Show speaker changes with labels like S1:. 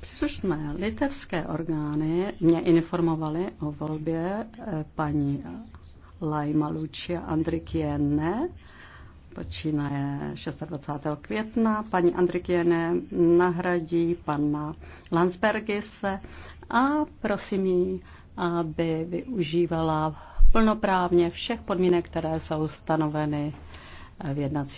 S1: Příslušné litevské orgány mě informovaly o volbě eh, paní Laima Lucia Andrikiene, počínaje 26. května. Paní Andrikiene nahradí pana Landsbergise a prosím ji, aby využívala plnoprávně všech podmínek, které jsou
S2: stanoveny v jednací